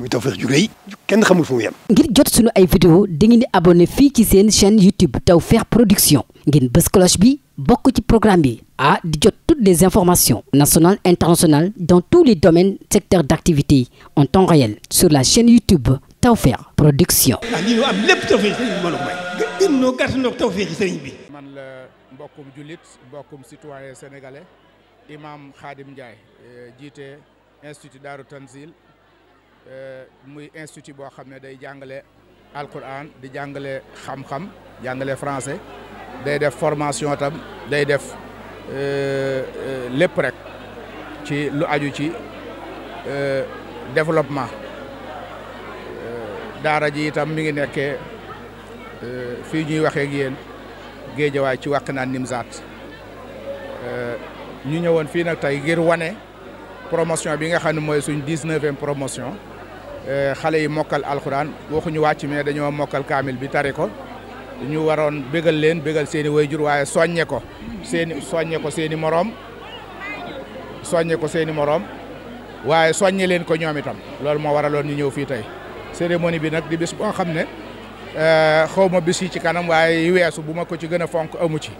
muy Tawfekh ju rëy kenn xamul fu mu ngir jot sunu ay vidéo dangeen di abonné fii ci seen chaîne YouTube Tawfekh Production ngeen bës cloche bi bokk ci programme bi ah di jot toutes des informations national internationales dans tous les domaines secteurs d'activité en temps réel sur la chaîne YouTube Tawfekh Production. ah lii ñu am lépp Tawfekh sëriñ bi mbooloo bi. man la mbokkum jullit mbokkum citoyen sénégalais imam Khadim Ndiaye eh, jiite institut Darou Tanzil. Euh, muy institut boo xam ne day jàngale alquran di jàngale xam-xam jàngale français day def formation tam day def euh, lépp rek ci lu aju ci euh, développement daara ji itam mi ngi nekkee fii ñuy waxee ak yéen géejawaay ci Wakhinane Nimzaat ñu ñëwoon fii nag tey ngir wane promotion bi nga xam ne mooy suñ dix-neuvième promotion Eh, xale yi mokkal alxuraan waxuñu wàcc mais dañoo mokkal kaamil bi tari ko ñu waroon bégal leen bégal seen i wayjur waaye soññe ko seen soññe seen i moroom soññe ko seen moroom waaye soññe leen ko ñoom itam loolu moo waraloon ñu ñëw fii tey cérémonie bi nag di bis boo xam ne eh, xaw ma bis yi ci kanam waaye yi weesu bu ma ko ci gën a fonk amu ci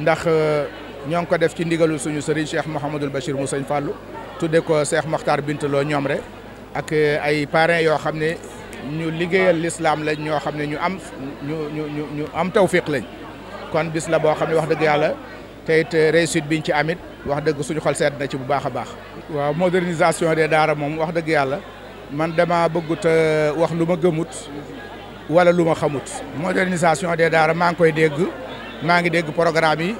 ndax eh, ñoo ngi ko def ci ndigalul suñu sëriñ Cheikh Mouhamadul Bachir mu sëñ Fallou tudde ko Cheikh Mokhtar Bintaloo ñoom rek ak eh, ay parrains yoo xam ne ñu liggéeyal lislaam lañ ñoo xam ne ñu am ñu ñu ñu am tawfiq lañ kon bis la boo xam ne wax dëgg yàlla te it eh, biñ ci amit wax dëgg suñu xol seet na ci bu baax a baax. waaw modernisation des daara moom wax dëgg yàlla man dama bëggut eh, wax lu ma gëmut wala lu ma xamut modernisation des daara maa ngi koy dégg maa ngi dégg programme yi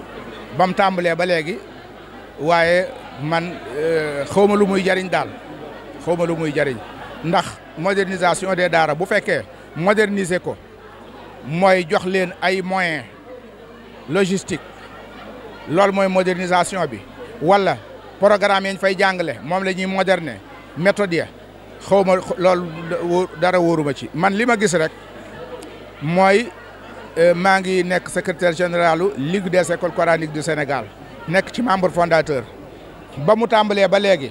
ba tàmbalee ba léegi waaye man xawma lu muy jariñ daal. xaw ma lu muy jëriñ ndax modernisation des daara bu fekkee moderniser ko mooy jox leen ay moyens logistique loolu mooy modernisation bi wala programme yi fay jàngale moom la ñuy moderne méthode ya xawma ma loolu dara wóoruma ci man li ma gis rek mooy euh, maa ngi nekk secrétaire généralu Ligue des écoles coraniques du Sénégal nekk ci membre fondateur ba mu tàmbalee ba léegi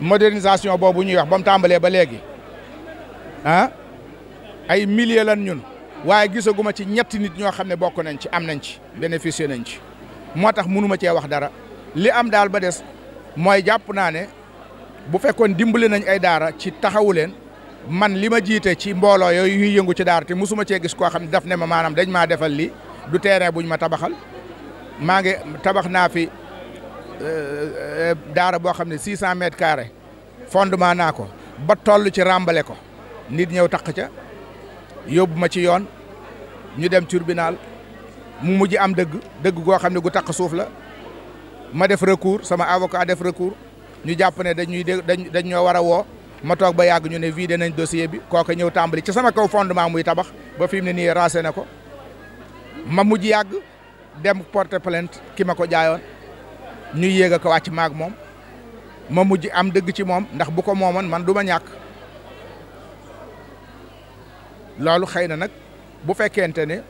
modernisation boobu ñuy wax ba mu tàmbalee ba léegi ah ay milliers lan ñun waaye gisaguma ci ñetti nit ñoo xam ne bokk nañ ci am nañ ci bénéficier nañ ci moo tax mënuma cee wax dara li am daal ba des mooy jàpp naa ne bu fekkoon dimbali nañ ay daara ci taxawu leen man li ma jiite ci mbooloo yooyu yuy yëngu ci daara te mosuma cee gis koo xam ne daf ne ma maanaam dañ maa defal lii du terrain buñ ma tabaxal maa ngi tabax naa fi Euh, euh, daara boo xam ne 600 mètres carrés fondement naa ko ba toll ci ràmbale ko nit ñëw taq ca yóbbu ma ci yoon ñu dem tribunal mu mujj am dëgg dëgg goo xam ne gu taq suuf la ma def recours sama avocat def recours ñu jàpp ne dañuy dañ dañ ñoo war a woo ma toog ba yàgg ñu ne vidé nañ dossier bi kooka ñëw tàmbali ca sama kaw fondement muy tabax ba fi mu ne nii raase na ko ma mujj yàgg dem porter plainte ki ma ko jaayoon. ñu yéeg a ko wàcc maag moom ma mujj am dëgg ci moom ndax bu ko moomoon man du ma ñàkk loolu xëy na nag bu fekkente ne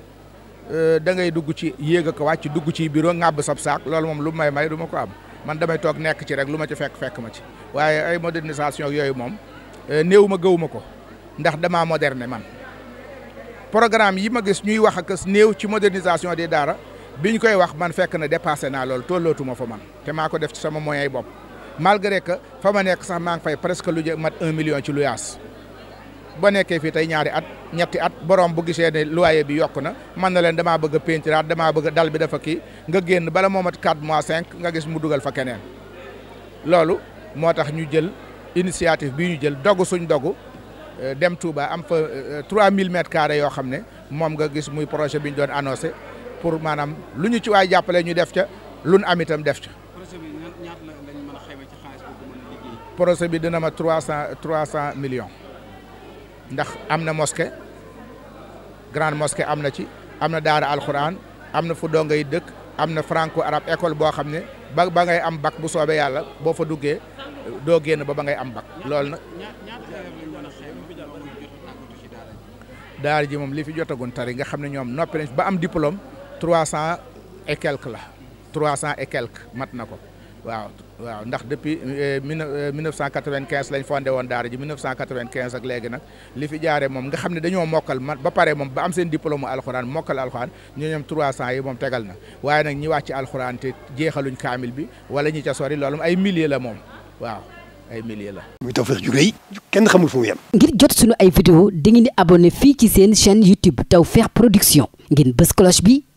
euh, da ngay dugg ci yéeg a ko dugg ci bureau ŋàbb sab saak loolu moom lu may may du ma ko am man damay toog nekk ci rek lu ma ci fekk fekk ma ci waaye ay modernisation yooyu moom euh, néew ma gëw ma ko ndax damaa moderne man programme yi ma gis ñuy wax ak néew ci modernisation des daara bi ñu koy wax man fekk na dépassé naa loolu tollootuma fa man te maa ko def ci sama moyens ay bopp malgré que fa ma nekk sax maa ngi fay presque lu jë mat un million ci luyaas ba nekkee fii tey ñaari at ñetti at borom bu gisee ne loyer bi yokk na man na leen damaa bëgg a pentiraat damaa bëgg dal bi dafa kii nga génn bala moo mat quatre mois cinq nga gis mu dugal fa keneen loolu moo tax ñu jël initiative bi ñu jël dogu suñ dogu euh, dem Touba am fa 3000 euh, mètres carrés yoo xam ne moom nga gis muy projet bi ñu doon annoncé pour maanaam lu ñu ci waay jàppale ñu def ca lu nu am itam def ca. projet bi ñaata dina ma trois cent trois cent millions ndax am na mosquée grande mosquée am na ci am na daara alxuraan am na fu donga yi dëkk am na franco arabe école boo xam ne ba ba ngay am bac bu soobee yàlla boo fa duggee doo génn ba ba ngay am bac loolu nag. daara ji moom li fi jotagoon tari nga xam ne ñoom noppi nañ ba am diplôme trois cent et quelque la trois cent et quelque mat na ko waaw waaw ndax depuis eh, eh, mille neuf cent quatre-vingt-quinze lañ fondé woon daar ji mille neuf cent quatre-vingt-quinze ak léegi nag li fi jaaree moom nga xam ne dañoo mokkal man ba pare moom ba am seen diplôme alxuraan mokkal alxuraan ñu ñoom trois cent yi moom tegal na waaye nag ñi wàcc ci alxuraan te jeexaluñ kaamil bi wala ñi ca sori loolu ay milliers la moom waaw ay milliers la. muy Tawfekh ju rëy kenn xamul fu mu jot sunu ay vidéo dangeen di abonné fii ci seen chaîne YouTube Tawfekh Production ngeen bës cloche bi.